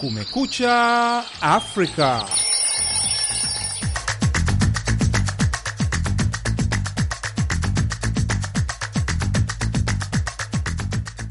Kumekucha Afrika.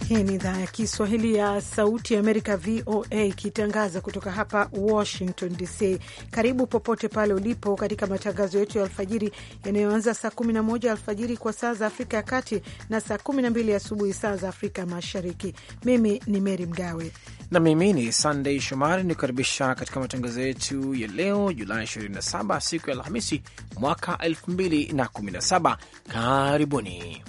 Hii ni idhaa ya Kiswahili ya Sauti ya Amerika, VOA, ikitangaza kutoka hapa Washington DC. Karibu popote pale ulipo katika matangazo yetu ya alfajiri yanayoanza saa 11 alfajiri kwa saa za Afrika ya Kati na saa 12 asubuhi saa za Afrika Mashariki. Mimi ni mery Mgawe na mimi ni Sandey Shomari, nikukaribisha katika matangazo yetu ya leo Julai 27, siku ya Alhamisi mwaka 2017. Karibuni.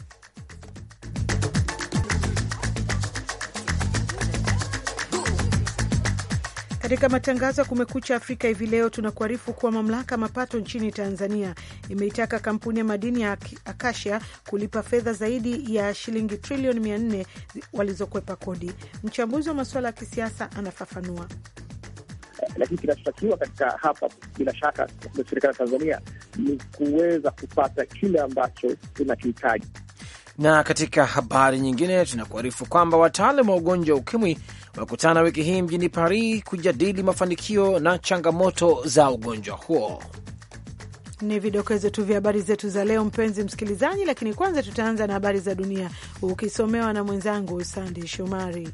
Katika matangazo ya Kumekucha Afrika hivi leo tunakuarifu kuwa mamlaka mapato nchini Tanzania imeitaka kampuni ya madini ya Akasia kulipa fedha zaidi ya shilingi trilioni 4 walizokwepa kodi. Mchambuzi wa masuala ya kisiasa anafafanua. Lakini kinachotakiwa katika hapa, bila shaka, serikali ya Tanzania ni kuweza kupata kile ambacho tunakihitaji. Na katika habari nyingine tunakuarifu kwamba wataalam wa ugonjwa wa ukimwi wamekutana wiki hii mjini Paris kujadili mafanikio na changamoto za ugonjwa huo. Ni vidokezo tu vya habari zetu za leo, mpenzi msikilizaji, lakini kwanza tutaanza na habari za dunia ukisomewa na mwenzangu Sandey Shomari.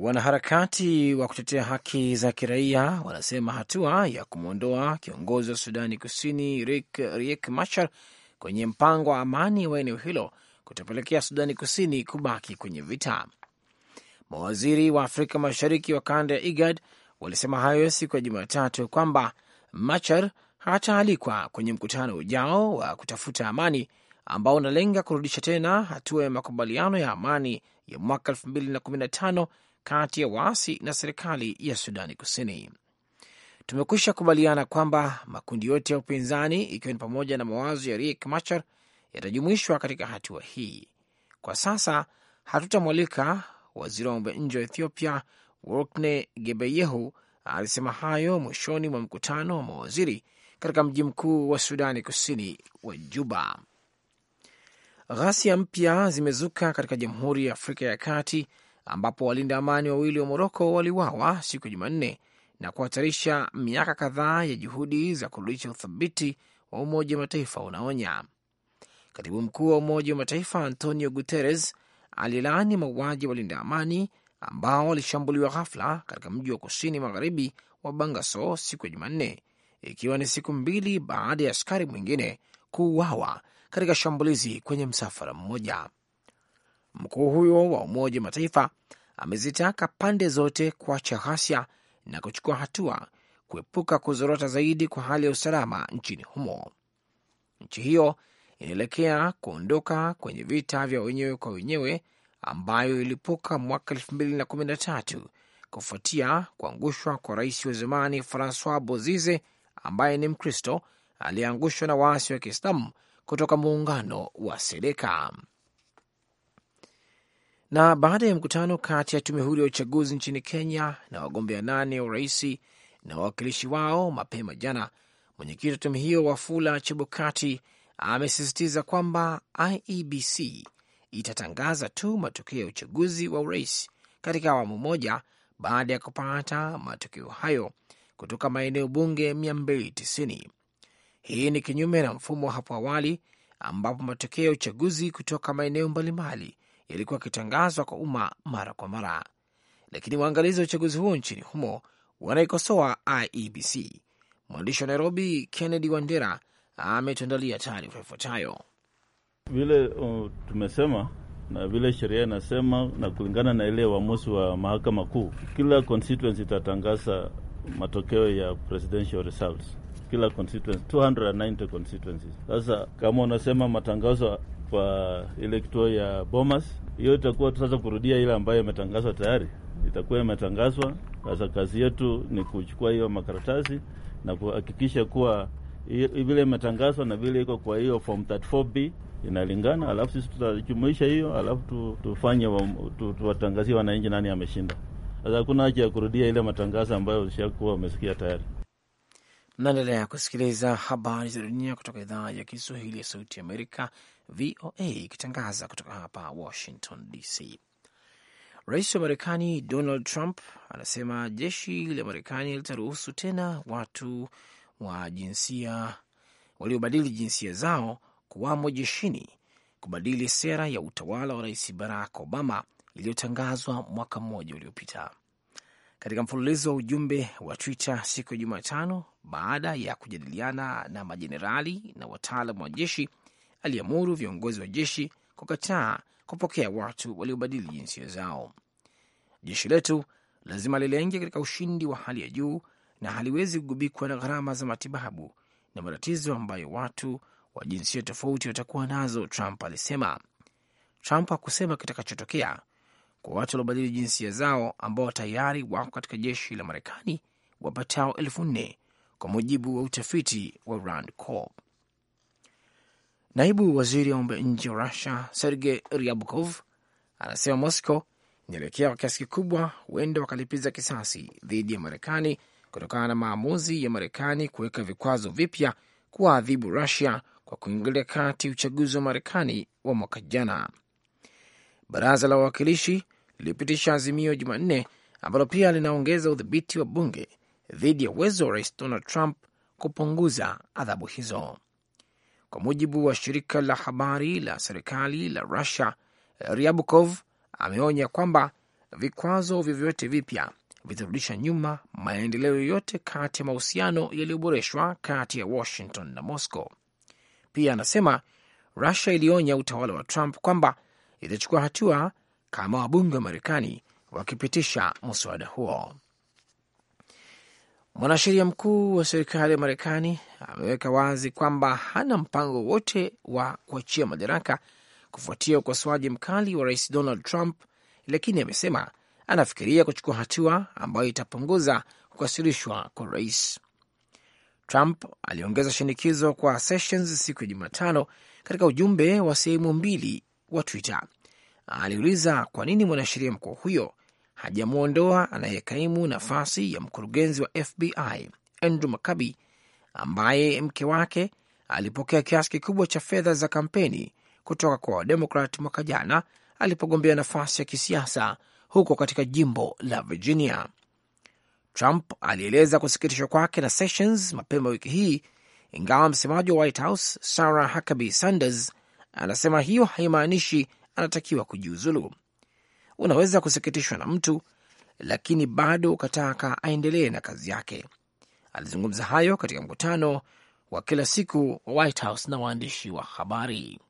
Wanaharakati wa kutetea haki za kiraia wanasema hatua ya kumwondoa kiongozi wa Sudani Kusini Rik, Riek Machar kwenye mpango wa amani wa eneo hilo kutapelekea Sudani Kusini kubaki kwenye vita. Mawaziri wa Afrika Mashariki wa kanda ya IGAD walisema hayo siku ya Jumatatu kwamba Machar hataalikwa kwenye mkutano ujao wa kutafuta amani ambao unalenga kurudisha tena hatua ya makubaliano ya amani ya mwaka 2015 kati ya waasi na serikali ya Sudani Kusini. Tumekwisha kubaliana kwamba makundi yote ya upinzani ikiwa ni pamoja na mawazo ya Riek Machar yatajumuishwa katika hatua hii. Kwa sasa hatutamwalika waziri wa mambo ya nje wa Ethiopia Workne Gebeyehu. Alisema hayo mwishoni mwa mkutano wa mawaziri katika mji mkuu wa Sudani Kusini wa Juba. Ghasia mpya zimezuka katika Jamhuri ya Afrika ya Kati ambapo walinda amani wawili wa Moroko waliwawa siku ya Jumanne na kuhatarisha miaka kadhaa ya juhudi za kurudisha uthabiti wa Umoja wa Mataifa unaonya. Katibu mkuu wa Umoja wa Mataifa Antonio Guterres alilaani mauaji ya walinda amani ambao walishambuliwa ghafla katika mji wa kusini magharibi wa Bangaso siku ya Jumanne, ikiwa ni siku mbili baada ya askari mwingine kuuawa katika shambulizi kwenye msafara mmoja. Mkuu huyo wa Umoja wa Mataifa amezitaka pande zote kuacha ghasia na kuchukua hatua kuepuka kuzorota zaidi kwa hali ya usalama nchini humo. Nchi hiyo inaelekea kuondoka kwenye vita vya wenyewe kwa wenyewe ambayo ilipuka mwaka elfu mbili na kumi na tatu kufuatia kuangushwa kwa rais wa zamani Francois Bozize ambaye ni Mkristo aliyeangushwa na waasi wa Kiislamu kutoka muungano wa Seleka. Na baada ya mkutano kati ya tume huru ya uchaguzi nchini Kenya na wagombea nane wa uraisi na wawakilishi wao mapema jana, mwenyekiti wa tume hiyo Wafula Chebukati amesisitiza kwamba IEBC itatangaza tu matokeo ya uchaguzi wa urais katika awamu moja baada ya kupata matokeo hayo kutoka maeneo bunge 290. Hii ni kinyume na mfumo wa hapo awali ambapo matokeo ya uchaguzi kutoka maeneo mbalimbali yalikuwa yakitangazwa kwa umma mara kwa mara, lakini waangalizi wa uchaguzi huo nchini humo wanaikosoa IEBC. Mwandishi wa Nairobi Kennedy Wandera ametuandalia taarifa ifuatayo. Vile uh, tumesema na vile sheria inasema na kulingana na ile uamuzi wa mahakama kuu, kila constituency itatangaza matokeo ya presidential results, kila constituency 290 constituencies. Sasa kama unasema matangazo kwa ile kituo ya Bomas. Hiyo itakuwa sasa kurudia ile ambayo imetangazwa tayari, itakuwa imetangazwa sasa. Kazi yetu ni kuchukua hiyo makaratasi na kuhakikisha kuwa vile imetangazwa na vile iko kwa hiyo form 34B inalingana, alafu sisi tutajumuisha hiyo, alafu tu, tufanye tuwatangazie tu, wananchi nani ameshinda. Sasa hakuna haja ya kurudia ile matangazo ambayo ushakuwa umesikia tayari naendelea kusikiliza habari za dunia kutoka idhaa ya Kiswahili ya Sauti ya Amerika, VOA, ikitangaza kutoka hapa Washington DC. Rais wa Marekani Donald Trump anasema jeshi la Marekani litaruhusu tena watu wa jinsia waliobadili jinsia zao kuwamo jeshini, kubadili sera ya utawala wa Rais Barack Obama iliyotangazwa mwaka mmoja uliopita. Katika mfululizo wa ujumbe wa Twitter siku ya Jumatano, baada ya kujadiliana na majenerali na wataalam wa jeshi, aliamuru viongozi wa jeshi kukataa kupokea watu waliobadili jinsia zao. Jeshi letu lazima lilenge katika ushindi wa hali ya juu na haliwezi kugubikwa na gharama za matibabu na matatizo ambayo watu wa jinsia tofauti watakuwa nazo, Trump alisema. Trump hakusema kitakachotokea kwa watu waliobadili jinsia zao ambao tayari wako katika jeshi la Marekani wapatao elfu nne kwa mujibu wa utafiti wa Rand Corp. Naibu waziri wa mambo ya nje wa Rusia Sergei Ryabkov anasema Moscow inaelekea kwa kiasi kikubwa huenda wakalipiza kisasi dhidi ya Marekani kutokana na maamuzi ya Marekani kuweka vikwazo vipya kuwaadhibu Rusia kwa kuingilia kati uchaguzi wa Marekani wa mwaka jana. Baraza la Wawakilishi lilipitisha azimio Jumanne ambalo pia linaongeza udhibiti wa bunge dhidi ya uwezo wa rais Donald Trump kupunguza adhabu hizo. Kwa mujibu wa shirika la habari la serikali la Russia, ryabukov ameonya kwamba vikwazo vyovyote vipya vitarudisha nyuma maendeleo yoyote kati ya mahusiano yaliyoboreshwa kati ya Washington na Moscow. Pia anasema Russia ilionya utawala wa Trump kwamba itachukua hatua kama wabunge wa Marekani wakipitisha mswada huo. Mwanasheria mkuu wa serikali ya Marekani ameweka wazi kwamba hana mpango wote wa kuachia madaraka kufuatia ukosoaji mkali wa rais Donald Trump, lakini amesema anafikiria kuchukua hatua ambayo itapunguza kukasirishwa kwa rais. Trump aliongeza shinikizo kwa Sessions siku ya Jumatano katika ujumbe wa sehemu mbili wa Twitter. Aliuliza kwa nini mwanasheria mkuu huyo hajamwondoa anayekaimu nafasi ya mkurugenzi wa FBI Andrew McCabe ambaye mke wake alipokea kiasi kikubwa cha fedha za kampeni kutoka kwa Wademokrat mwaka jana alipogombea nafasi ya kisiasa huko katika jimbo la Virginia. Trump alieleza kusikitishwa kwake na Sessions mapema wiki hii, ingawa msemaji wa White House Sarah Huckabee Sanders anasema hiyo haimaanishi anatakiwa kujiuzulu unaweza kusikitishwa na mtu, lakini bado ukataka aendelee na kazi yake. Alizungumza hayo katika mkutano wa kila siku wa White House na waandishi wa habari.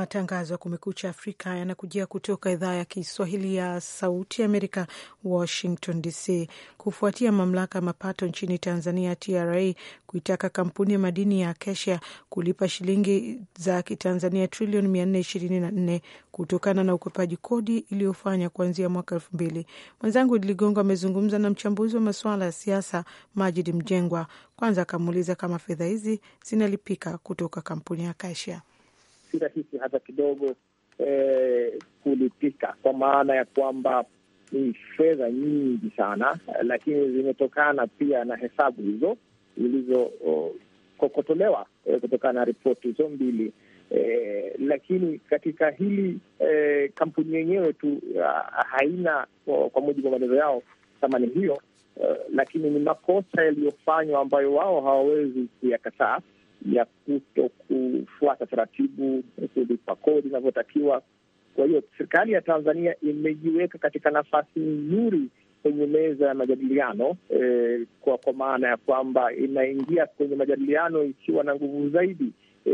Matangazo ya Kumekucha Afrika yanakujia kutoka idhaa ya Kiswahili ya Sauti Amerika, Washington DC. Kufuatia mamlaka ya mapato nchini Tanzania, TRA, kuitaka kampuni ya madini ya Acacia kulipa shilingi za Kitanzania trilioni 424 kutokana na ukwepaji kodi iliyofanya kuanzia mwaka elfu mbili. Mwenzangu Idi Ligongo amezungumza na mchambuzi wa masuala ya siasa Majid Mjengwa, kwanza akamuuliza kama fedha hizi zinalipika kutoka kampuni ya Acacia si rahisi hata kidogo eh, kulipika kwa maana ya kwamba ni fedha nyingi sana, lakini zimetokana pia na hesabu hizo zilizokokotolewa eh, kutokana na ripoti hizo mbili. Eh, lakini katika hili eh, kampuni yenyewe tu ah, haina kwa mujibu wa maelezo yao thamani hiyo eh, lakini ni makosa yaliyofanywa ambayo wao hawawezi kuyakataa ya kuto kufuata taratibu kulipa kodi inavyotakiwa. Kwa hiyo serikali ya Tanzania imejiweka katika nafasi nzuri kwenye meza ya majadiliano e, kwa kwa maana ya kwamba inaingia kwenye majadiliano ikiwa na nguvu zaidi e,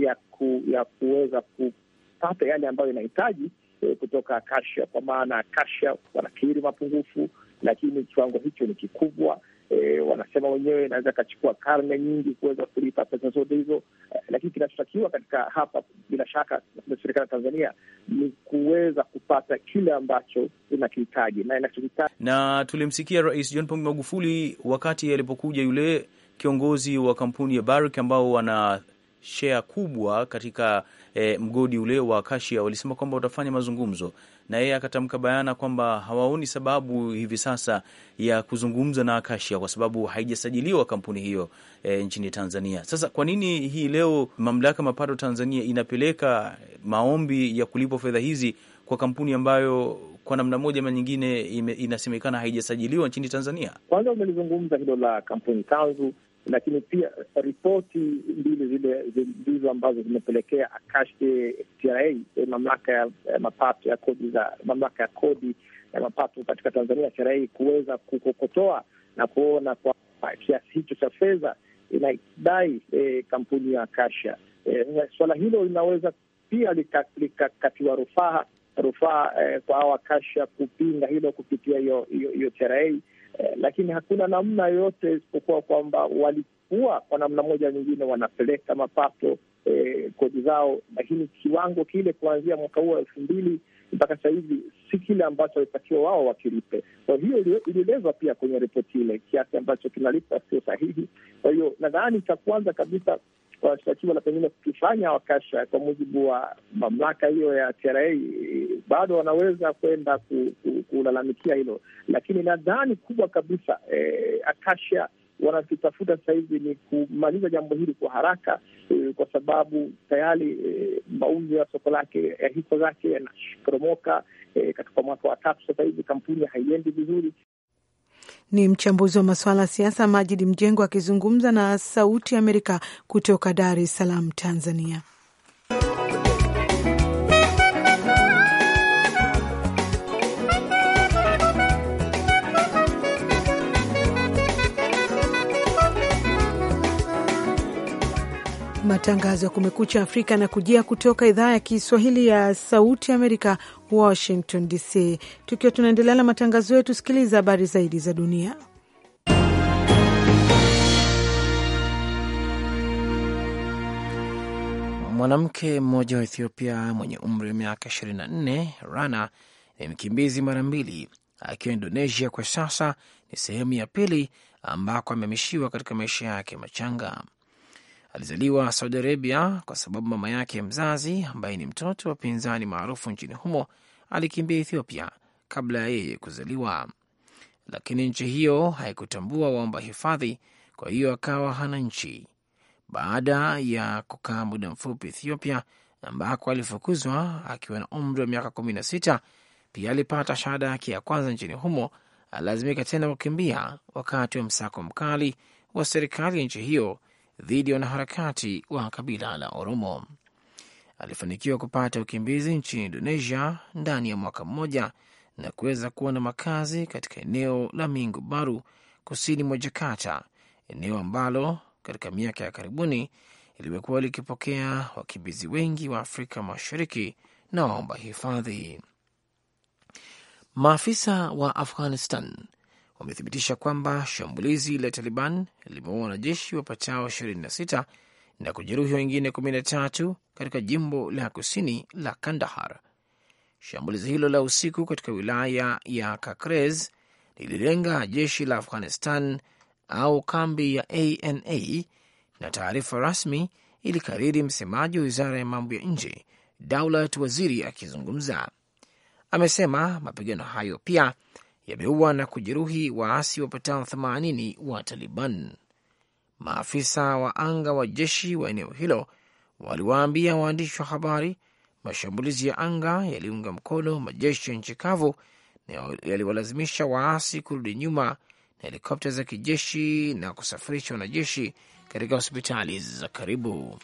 ya ku, ya kuweza kupata yale ambayo inahitaji e, kutoka kasha, kwa maana kasha wanakiri mapungufu, lakini kiwango hicho ni kikubwa e, wanasema wenyewe inaweza ikachukua karne nyingi kuweza kulipa pesa zote hizo e, lakini kinachotakiwa katika hapa bila shaka na serikali ya Tanzania ni kuweza kupata kile ambacho inakihitaji na inachokihitaji. Na tulimsikia Rais John Pombe Magufuli wakati alipokuja yule kiongozi wa kampuni ya Barrick ambao wana shea kubwa katika e, mgodi ule wa Acacia walisema kwamba watafanya mazungumzo na yeye akatamka bayana kwamba hawaoni sababu hivi sasa ya kuzungumza na Akashia kwa sababu haijasajiliwa kampuni hiyo e, nchini Tanzania. Sasa kwa nini hii leo mamlaka mapato Tanzania inapeleka maombi ya kulipwa fedha hizi kwa kampuni ambayo kwa namna moja ama nyingine inasemekana haijasajiliwa nchini Tanzania? Kwanza umelizungumza hilo la kampuni tanzu lakini pia eh, ripoti mbili zile ndizo ambazo zimepelekea akashe TRA, eh, mamlaka ya eh, mapato ya kodi za mamlaka ya kodi ya mapato katika Tanzania, TRA, kuweza kukokotoa na kuona kwa kiasi hicho cha fedha inadai e, kampuni ya Kasha. E, swala hilo linaweza pia likakatiwa rufaa rufaa e, kwa hawa Kasha kupinga hilo kupitia hiyo TRA Eh, lakini hakuna namna yoyote isipokuwa kwamba walikuwa kwa namna moja nyingine wanapeleka mapato eh, kodi zao, lakini kiwango kile kuanzia mwaka huu wa elfu mbili mpaka sasa hivi si kile ambacho walitakiwa wao wakilipe. Kwa hiyo ilielezwa pia kwenye ripoti ile kiasi ambacho kinalipwa sio sahihi. Kwa hiyo nadhani cha kwanza kabisa washtakiwa na pengine kukifanya wakasha kwa mujibu wa mamlaka hiyo ya TRA, bado wanaweza kwenda kulalamikia hilo, lakini nadhani kubwa kabisa eh, akasha wanakitafuta sasa hivi ni kumaliza jambo hili kwa haraka e, kwa sababu tayari e, mauzo ya soko lake ya hisa zake yanaporomoka. E, katika mwaka wa tatu sasa hivi kampuni haiendi vizuri, ni mchambuzi wa masuala ya siasa Majidi mjengo akizungumza na Sauti Amerika kutoka Dar es Salaam, Tanzania. Matangazo ya Kumekucha Afrika na kujia kutoka idhaa ya Kiswahili ya Sauti Amerika, Washington DC. Tukiwa tunaendelea na matangazo yetu, sikiliza habari zaidi za dunia. Mwanamke mmoja wa Ethiopia mwenye umri wa miaka 24, Rana ni mkimbizi mara mbili akiwa Indonesia. Kwa sasa ni sehemu ya pili ambako amehamishiwa katika maisha yake machanga. Alizaliwa Saudi Arabia kwa sababu mama yake mzazi ambaye ni mtoto wa pinzani maarufu nchini humo alikimbia Ethiopia kabla ya yeye kuzaliwa, lakini nchi hiyo haikutambua waomba hifadhi, kwa hiyo akawa hana nchi. Baada ya kukaa muda mfupi Ethiopia, ambako alifukuzwa akiwa na umri wa miaka kumi na sita, pia alipata shahada yake ya kwanza nchini humo. Alilazimika tena kukimbia wakati wa msako mkali wa serikali ya nchi hiyo dhidi ya wanaharakati wa kabila la Oromo. Alifanikiwa kupata ukimbizi nchini Indonesia ndani ya mwaka mmoja na kuweza kuwa na makazi katika eneo la Mingu Baru kusini mwa Jakarta, eneo ambalo katika miaka ya karibuni limekuwa likipokea wakimbizi wengi wa Afrika Mashariki na waomba hifadhi. Maafisa wa Afghanistan wamethibitisha kwamba shambulizi la Taliban limeua wanajeshi wapatao 26 na kujeruhi wengine 13 katika jimbo la kusini la Kandahar. Shambulizi hilo la usiku katika wilaya ya Kakrez lililenga jeshi la Afghanistan au kambi ya ANA, na taarifa rasmi ilikariri msemaji wa wizara ya mambo ya nje Daulat Waziri akizungumza, amesema mapigano hayo pia yameua na kujeruhi waasi wapatao 80 wa Taliban. Maafisa wa anga wa jeshi wa eneo hilo waliwaambia waandishi wa habari mashambulizi ya anga yaliunga mkono majeshi ya nchi kavu na yaliwalazimisha waasi kurudi nyuma na helikopta za kijeshi na kusafirisha wanajeshi katika hospitali za karibu.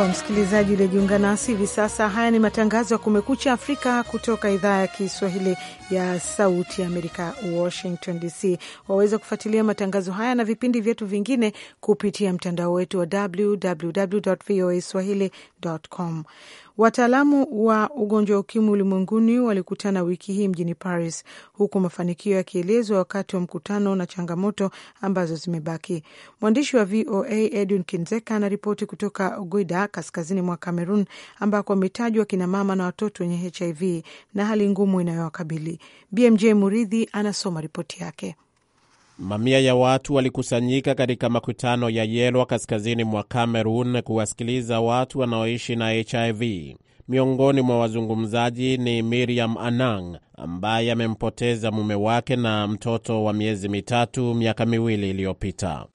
Kwa msikilizaji uliojiunga nasi hivi sasa, haya ni matangazo ya Kumekucha Afrika kutoka idhaa ya Kiswahili ya Sauti ya Amerika, Washington DC. Waweza kufuatilia matangazo haya na vipindi vyetu vingine kupitia mtandao wetu wa www voa swahili com. Wataalamu wa ugonjwa wa ukimwi ulimwenguni walikutana wiki hii mjini Paris, huku mafanikio yakielezwa wakati wa mkutano na changamoto ambazo zimebaki. Mwandishi wa VOA Edwin Kinzeka anaripoti kutoka Guida, kaskazini mwa Cameroon, ambako wametajwa kinamama na watoto wenye HIV na hali ngumu inayowakabili. BMJ Muridhi anasoma ripoti yake. Mamia ya watu walikusanyika katika makutano ya Yelwa kaskazini mwa cameron kuwasikiliza watu wanaoishi na HIV. Miongoni mwa wazungumzaji ni Miriam Anang ambaye amempoteza mume wake na mtoto wa miezi mitatu miaka miwili iliyopita.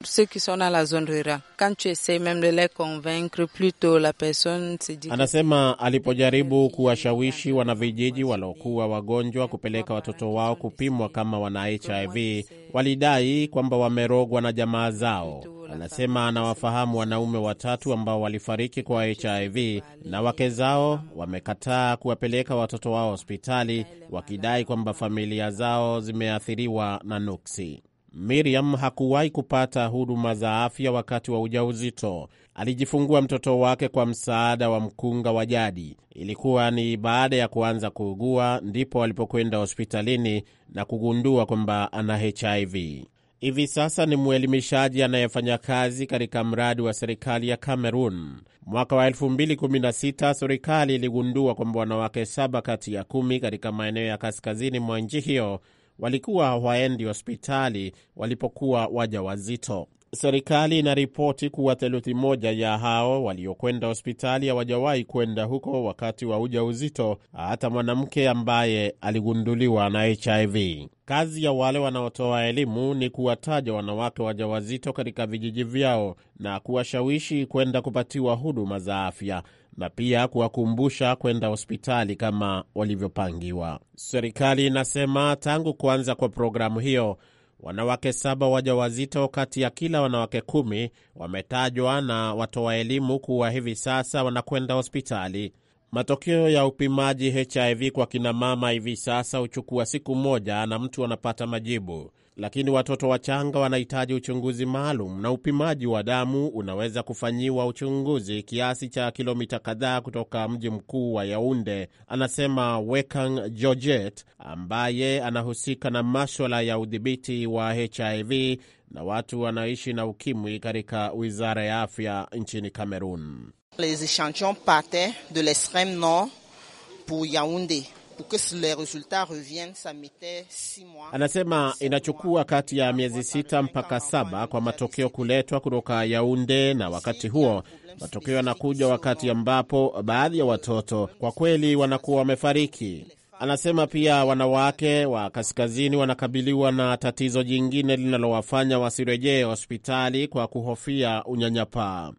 Anasema alipojaribu kuwashawishi wanavijiji waliokuwa wagonjwa kupeleka watoto wao kupimwa kama wana HIV, walidai kwamba wamerogwa na jamaa zao. Anasema anawafahamu wanaume watatu ambao walifariki kwa HIV na wake zao wamekataa kuwapeleka watoto wao hospitali waki wakidai kwamba familia zao zimeathiriwa na nuksi. Miriam hakuwahi kupata huduma za afya wakati wa ujauzito. Alijifungua mtoto wake kwa msaada wa mkunga wa jadi. Ilikuwa ni baada ya kuanza kuugua ndipo alipokwenda hospitalini na kugundua kwamba ana HIV hivi sasa ni mwelimishaji anayefanya kazi katika mradi wa serikali ya Cameroon. Mwaka wa 2016 serikali iligundua kwamba wanawake saba kati ya kumi katika maeneo ya kaskazini mwa nchi hiyo walikuwa hawaendi hospitali walipokuwa waja wazito Serikali inaripoti kuwa theluthi moja ya hao waliokwenda hospitali hawajawahi kwenda huko wakati wa ujauzito, hata mwanamke ambaye aligunduliwa na HIV. Kazi ya wale wanaotoa elimu ni kuwataja wanawake wajawazito katika vijiji vyao na kuwashawishi kwenda kupatiwa huduma za afya na pia kuwakumbusha kwenda hospitali kama walivyopangiwa. Serikali inasema tangu kuanza kwa programu hiyo wanawake saba wajawazito kati ya kila wanawake kumi wametajwa na watoa elimu kuwa hivi sasa wanakwenda hospitali. Matokeo ya upimaji HIV kwa kinamama hivi sasa huchukua siku moja na mtu anapata majibu, lakini watoto wachanga wanahitaji uchunguzi maalum, na upimaji wa damu unaweza kufanyiwa uchunguzi kiasi cha kilomita kadhaa kutoka mji mkuu wa Yaunde, anasema Wekang Georgette ambaye anahusika na maswala ya udhibiti wa HIV na watu wanaishi na ukimwi katika wizara ya afya nchini Kamerun. Les échantillons partaient de l'extrême nord pour Yaoundé. Anasema inachukua kati ya miezi sita mpaka saba kwa matokeo kuletwa kutoka Yaunde, na wakati huo matokeo yanakuja wakati ambapo baadhi ya watoto kwa kweli wanakuwa wamefariki. Anasema pia wanawake wa kaskazini wanakabiliwa na tatizo jingine linalowafanya wasirejee hospitali kwa kuhofia unyanyapaa.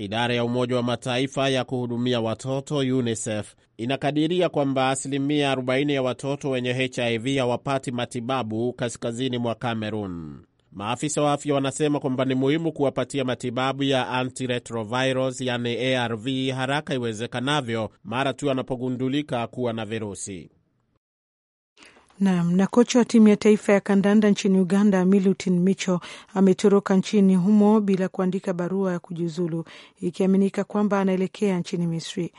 Idara ya Umoja wa Mataifa ya kuhudumia watoto UNICEF inakadiria kwamba asilimia 40 ya watoto wenye HIV hawapati matibabu kaskazini mwa Cameroon. Maafisa wa afya wanasema kwamba ni muhimu kuwapatia matibabu ya antiretrovirus, yani ARV haraka iwezekanavyo mara tu anapogundulika kuwa na virusi. Nam. Na kocha wa timu ya taifa ya kandanda nchini Uganda, Milutin Micho, ametoroka nchini humo bila kuandika barua ya kujiuzulu, ikiaminika kwamba anaelekea nchini Misri.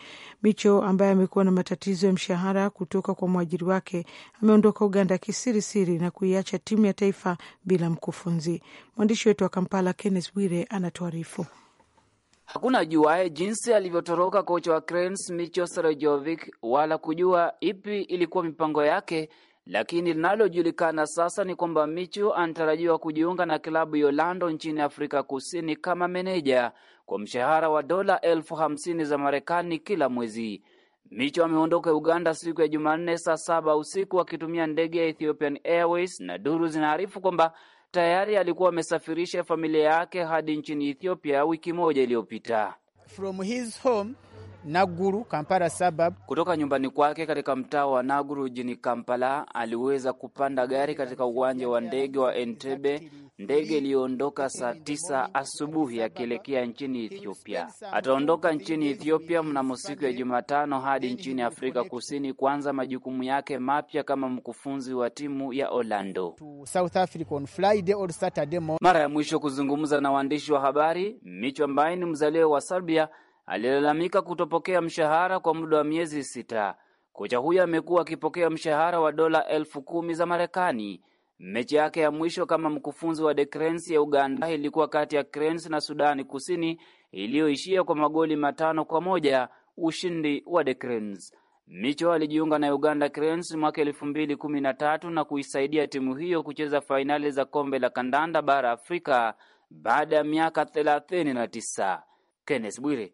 Micho ambaye amekuwa na matatizo ya mshahara kutoka kwa mwajiri wake ameondoka Uganda kisirisiri na kuiacha timu ya taifa bila mkufunzi. Mwandishi wetu wa Kampala, Kenneth Bwire, anatuarifu. Hakuna ajuaye jinsi alivyotoroka kocha wa Cranes Micho Srejovic wala kujua ipi ilikuwa mipango yake lakini linalojulikana sasa ni kwamba Michu anatarajiwa kujiunga na klabu ya Orlando nchini Afrika Kusini kama meneja kwa mshahara wa dola elfu hamsini za Marekani kila mwezi. Michu ameondoka Uganda siku ya Jumanne saa saba usiku akitumia ndege ya Ethiopian Airways, na duru zinaarifu kwamba tayari alikuwa amesafirisha familia yake hadi nchini Ethiopia wiki moja iliyopita. From his home Naguru, Kampala suburb. Kutoka nyumbani kwake katika mtaa wa Naguru jini Kampala, aliweza kupanda gari katika uwanja wa ndege wa Entebbe, ndege iliyoondoka saa tisa asubuhi akielekea nchini Ethiopia. Ataondoka nchini Ethiopia mnamo siku ya Jumatano hadi nchini Afrika Kusini kuanza majukumu yake mapya kama mkufunzi wa timu ya Orlando. Mara ya mwisho kuzungumza na waandishi wa habari, Micho ambaye ni mzaliwa wa Serbia alilalamika kutopokea mshahara kwa muda wa miezi sita. Kocha huyo amekuwa akipokea mshahara wa dola elfu kumi za Marekani. Mechi yake ya mwisho kama mkufunzi wa The ya Uganda ilikuwa kati ya krens na Sudani Kusini iliyoishia kwa magoli matano kwa moja, ushindi wa The Micho alijiunga na Uganda Cranes mwaka kumi na kuisaidia timu hiyo kucheza fainali za kombe la kandanda bara Afrika baada ya miaka 39. Kenneth Bwire,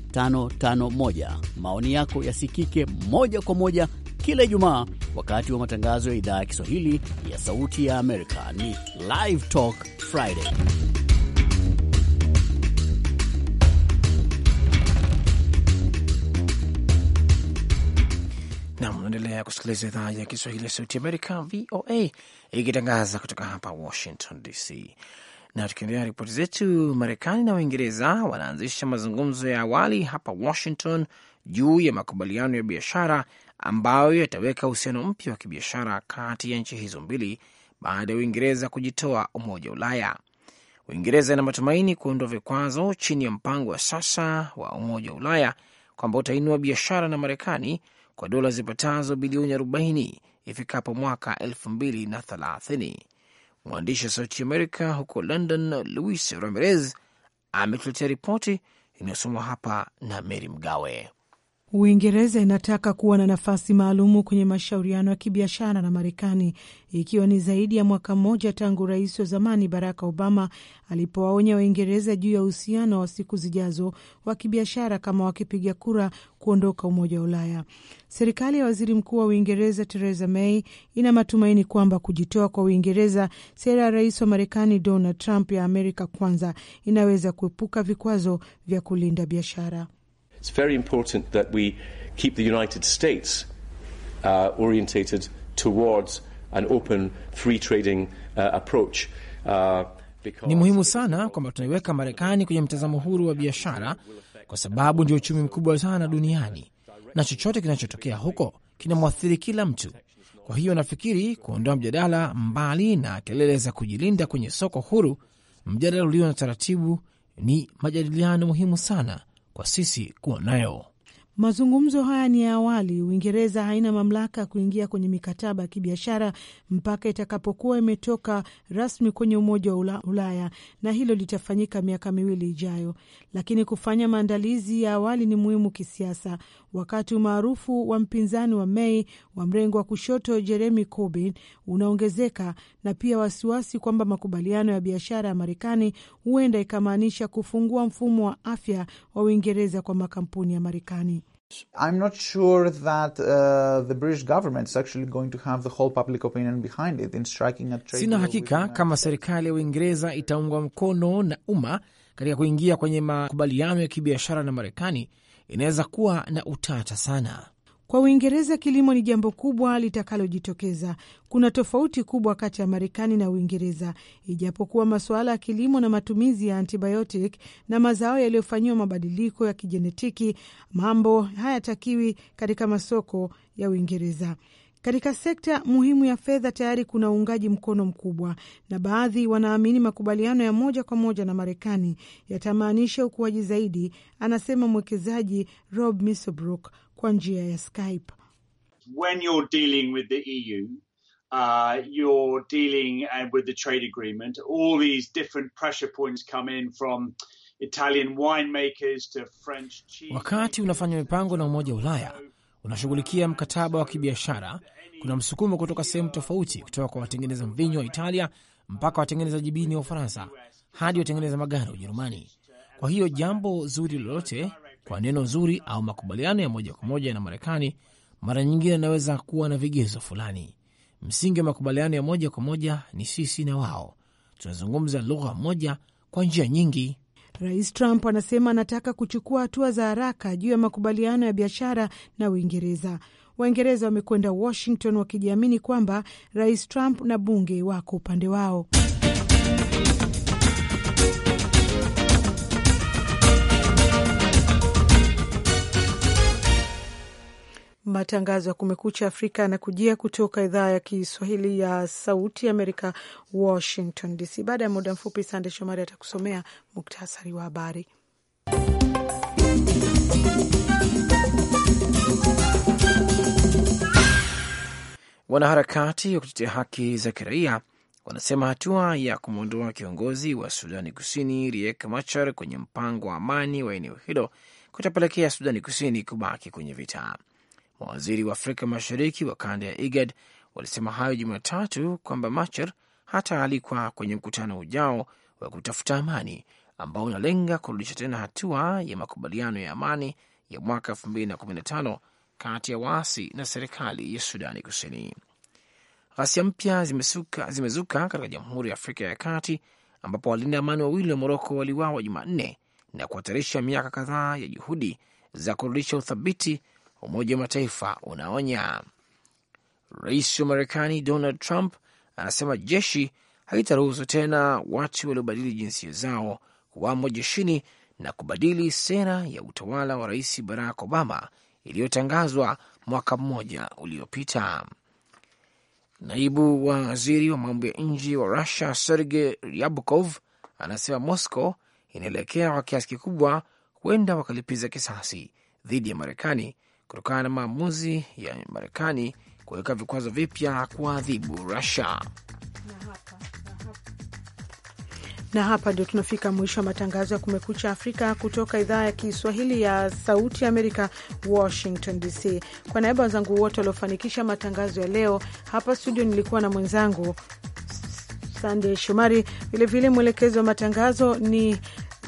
551. Maoni yako yasikike moja kwa moja kila Ijumaa wakati wa matangazo ya idhaa ya Kiswahili ya Sauti ya Amerika. Ni Live Talk Friday. nam unaendelea kusikiliza idhaa ya Kiswahili ya Sauti Amerika, VOA, ikitangaza kutoka hapa Washington DC. Na tukiendelea ripoti zetu, Marekani na Uingereza wanaanzisha mazungumzo ya awali hapa Washington juu ya makubaliano ya biashara ambayo yataweka uhusiano mpya wa kibiashara kati ya nchi hizo mbili baada ya Uingereza kujitoa Umoja wa Ulaya. Uingereza ina matumaini kuondoa vikwazo chini ya mpango wa sasa wa Umoja wa Ulaya kwamba utainua biashara na Marekani kwa dola zipatazo bilioni 40 ifikapo mwaka 2030. Mwandishi wa Sauti Amerika huko London, Luis Ramirez ametuletea ripoti inayosomwa hapa na mery Mgawe. Uingereza inataka kuwa na nafasi maalumu kwenye mashauriano ya kibiashara na Marekani, ikiwa ni zaidi ya mwaka mmoja tangu rais wa zamani Barack Obama alipowaonya Waingereza juu ya uhusiano wa siku zijazo wa kibiashara kama wakipiga kura kuondoka Umoja wa Ulaya. Serikali ya waziri mkuu wa Uingereza Theresa May ina matumaini kwamba kujitoa kwa Uingereza, sera ya rais wa Marekani Donald Trump ya Amerika kwanza, inaweza kuepuka vikwazo vya kulinda biashara it's very important that we keep the United States uh, orientated towards an open free trading uh, approach uh, Ni muhimu sana kwamba tunaiweka Marekani kwenye mtazamo huru wa biashara, kwa sababu ndio uchumi mkubwa sana duniani na chochote kinachotokea huko kinamwathiri kila mtu. Kwa hiyo nafikiri kuondoa mjadala mbali na kelele za kujilinda kwenye soko huru, mjadala ulio na taratibu ni majadiliano muhimu sana kwa sisi kuwa nayo. Mazungumzo haya ni ya awali. Uingereza haina mamlaka ya kuingia kwenye mikataba ya kibiashara mpaka itakapokuwa imetoka rasmi kwenye Umoja wa Ulaya, na hilo litafanyika miaka miwili ijayo. Lakini kufanya maandalizi ya awali ni muhimu kisiasa, wakati umaarufu wa mpinzani wa Mei wa mrengo wa kushoto Jeremy Corbyn unaongezeka na pia wasiwasi kwamba makubaliano ya biashara ya Marekani huenda ikamaanisha kufungua mfumo wa afya wa Uingereza kwa makampuni ya Marekani. I'm not sure that uh, the British government is actually going to have the whole public opinion behind it in striking a trade. Sina hakika kama serikali ya Uingereza itaungwa mkono na umma katika kuingia kwenye makubaliano ya kibiashara na Marekani. Inaweza kuwa na utata sana. Kwa Uingereza, kilimo ni jambo kubwa litakalojitokeza. Kuna tofauti kubwa kati ya Marekani na Uingereza, ijapokuwa masuala ya kilimo na matumizi ya antibiotic na mazao yaliyofanyiwa mabadiliko ya kijenetiki, mambo hayatakiwi katika masoko ya Uingereza. Katika sekta muhimu ya fedha tayari kuna uungaji mkono mkubwa, na baadhi wanaamini makubaliano ya moja kwa moja na Marekani yatamaanisha ukuaji zaidi, anasema mwekezaji Rob Misobrook kwa njia ya Skype. When you're dealing with the EU, uh, you're dealing uh, with the trade agreement. All these different pressure points come in from Italian winemakers to French cheese. Wakati unafanya mipango na Umoja wa Ulaya, unashughulikia mkataba wa kibiashara, kuna msukumo kutoka sehemu tofauti, kutoka kwa watengeneza mvinyo wa Italia mpaka watengeneza jibini wa Ufaransa hadi watengeneza magari wa Ujerumani. Kwa hiyo jambo zuri lolote kwa neno zuri au makubaliano ya moja kwa moja na Marekani mara nyingine anaweza kuwa na vigezo fulani. Msingi wa makubaliano ya moja kwa moja ni sisi na wao, tunazungumza lugha moja kwa njia nyingi. Rais Trump anasema anataka kuchukua hatua za haraka juu ya makubaliano ya biashara na Uingereza. Waingereza wamekwenda Washington wakijiamini kwamba Rais Trump na bunge wako upande wao. Matangazo ya Kumekucha Afrika yanakujia kutoka idhaa ya Kiswahili ya Sauti Amerika, Washington DC. Baada ya muda mfupi, Sande Shomari atakusomea muktasari wa habari. Wanaharakati wa kutetea haki za kiraia wanasema hatua ya kumwondoa kiongozi wa Sudani Kusini Riek Machar kwenye mpango wa amani wa eneo hilo kutapelekea Sudani Kusini kubaki kwenye vita. Mawaziri wa Afrika Mashariki wa kanda ya IGAD walisema hayo Jumatatu kwamba Machar hataalikwa kwenye mkutano ujao wa kutafuta amani ambao unalenga kurudisha tena hatua ya makubaliano ya amani ya mwaka 2015 kati ya waasi na serikali ya Sudani Kusini. Ghasia mpya zimezuka katika Jamhuri ya Afrika ya Kati ambapo walinda amani wawili wa Moroko waliwawa Jumanne na kuhatarisha miaka kadhaa ya juhudi za kurudisha uthabiti Umoja wa Mataifa unaonya. Rais wa Marekani Donald Trump anasema jeshi haitaruhusu tena watu waliobadili jinsia zao kuwamo jeshini na kubadili sera ya utawala wa Rais Barack Obama iliyotangazwa mwaka mmoja uliopita. Naibu wa waziri wa mambo ya nje wa rusia sergey Ryabkov anasema Moscow inaelekea kwa kiasi kikubwa huenda wakalipiza kisasi dhidi ya Marekani kutokana na maamuzi ya Marekani kuweka vikwazo vipya kuadhibu Rusia na hapa ndio tunafika mwisho wa matangazo ya Kumekucha Afrika kutoka idhaa ya Kiswahili ya Sauti Amerika, Washington DC. Kwa niaba wenzangu wote waliofanikisha matangazo ya leo, hapa studio nilikuwa na mwenzangu Sandey Shomari, vilevile mwelekezi wa matangazo ni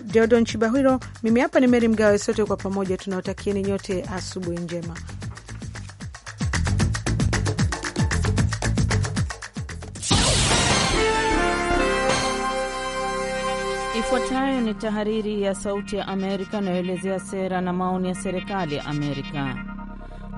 Deodon Chibahiro, mimi hapa ni Meri Mgawe, sote kwa pamoja tunaotakieni nyote asubuhi njema. Ifuatayo ni tahariri ya Sauti ya Amerika inayoelezea sera na maoni ya serikali ya Amerika.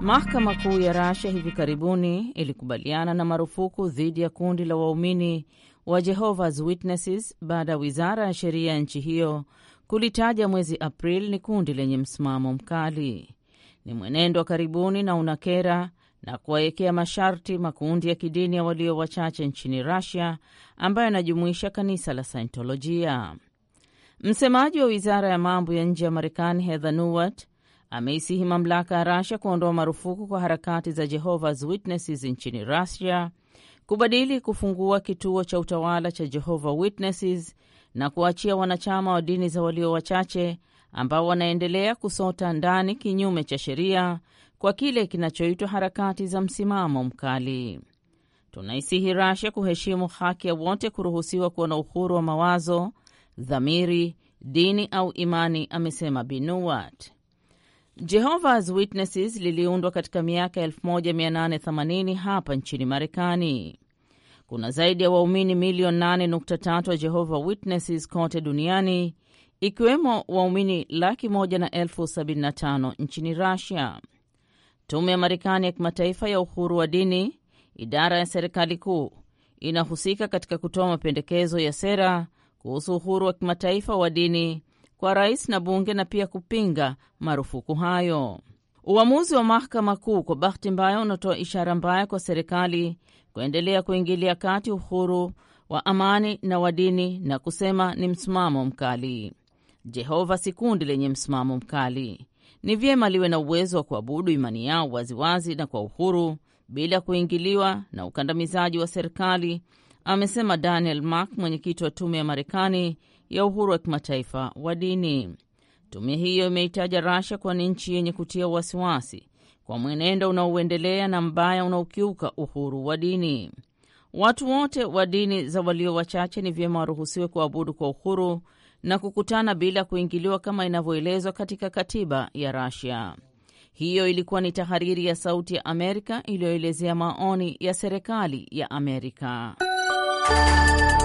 Mahakama Kuu ya Rasia hivi karibuni ilikubaliana na marufuku dhidi ya kundi la waumini wa Jehovah's Witnesses baada ya wizara ya sheria ya nchi hiyo kulitaja mwezi Aprili ni kundi lenye msimamo mkali. Ni mwenendo wa karibuni na unakera na kuwawekea masharti makundi ya kidini ya walio wachache nchini Russia ambayo yanajumuisha kanisa la sintolojia Msemaji wa wizara ya mambo ya nje ya Marekani Heather Nauert ameisihi mamlaka ya Russia kuondoa marufuku kwa harakati za Jehovah's Witnesses nchini Russia kubadili kufungua kituo cha utawala cha Jehova Witnesses na kuachia wanachama wa dini za walio wachache ambao wanaendelea kusota ndani kinyume cha sheria kwa kile kinachoitwa harakati za msimamo mkali. Tunaisihi Russia kuheshimu haki ya wote kuruhusiwa kuwa na uhuru wa mawazo, dhamiri, dini au imani, amesema Binuwat. Jehovah's Witnesses liliundwa katika miaka 1880 hapa nchini Marekani. Kuna zaidi ya waumini milioni 8.3 wa Jehova Witnesses kote duniani ikiwemo waumini laki moja na elfu sabini na tano nchini Rusia. Tume ya Marekani ya kimataifa ya uhuru wa dini, idara ya serikali kuu, inahusika katika kutoa mapendekezo ya sera kuhusu uhuru wa kimataifa wa dini kwa rais na bunge na pia kupinga marufuku hayo. Uamuzi wa mahakama kuu kwa bahati mbaya unatoa ishara mbaya kwa serikali kuendelea kuingilia kati uhuru wa amani na wa dini na kusema ni msimamo mkali. Jehova si kundi lenye msimamo mkali. Ni vyema liwe na uwezo wa kuabudu imani yao waziwazi na kwa uhuru bila kuingiliwa na ukandamizaji wa serikali amesema Daniel Mark, mwenyekiti wa tume ya Marekani ya uhuru wa kimataifa wa dini. Tume hiyo imeitaja Rasha kuwa ni nchi yenye kutia wasiwasi kwa mwenendo unaouendelea na mbaya unaokiuka uhuru wa dini. Watu wote wa dini za walio wachache ni vyema waruhusiwe kuabudu kwa uhuru na kukutana bila kuingiliwa kama inavyoelezwa katika katiba ya Rasia. Hiyo ilikuwa ni tahariri ya Sauti ya Amerika iliyoelezea maoni ya serikali ya Amerika. Música